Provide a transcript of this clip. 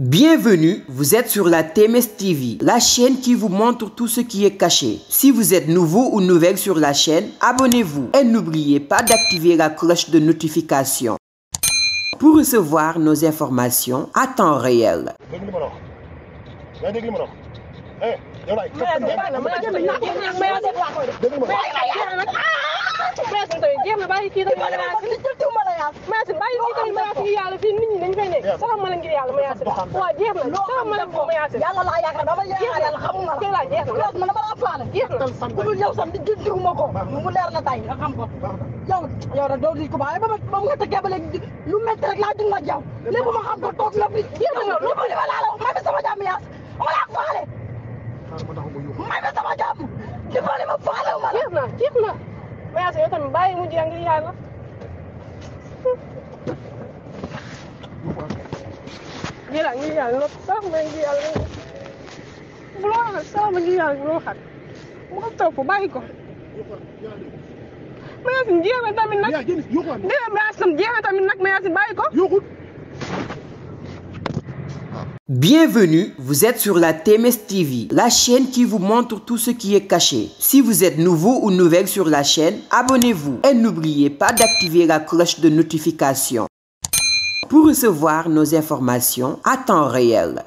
Bienvenue, vous êtes sur la TMS TV, la chaîne qui vous montre tout ce qui est caché. Si vous êtes nouveau ou nouvelle sur la chaîne, abonnez-vous et n'oubliez pas d'activer la cloche de notification pour recevoir nos informations à temps réel. salaam ma la ngir yàlla ma yaa si waaw jeex na salaam ma la ko ma yaa si yàlla laa yaakaar dama jeex na xamu ma la jeex na man dama laa faale jeex na ku dul yow sam di diggu ma ko mu leer na tay nga xam ko yow yow nag doo di ko bàyyi ba ba nga tëggee ba léegi lu métti rek laa dig ma jaw lépp ma xam ko toog na bi jeex na lu ma lima laa la ma fi sama jàmm yaa si ma laa faale ma fi sama jàmm di ma lima faale ma la jeex na jeex na ma yaa si yow tamit bàyyi mu jeex ngir yàlla ben gidiyorum. Sax Bienvenue, vous êtes sur la TMS TV, la chaîne qui vous montre tout ce qui est caché. Si vous êtes nouveau ou nouvelle sur la chaîne, abonnez-vous et n'oubliez pas d'activer la cloche de notification. pour recevoir nos informations à temps réel.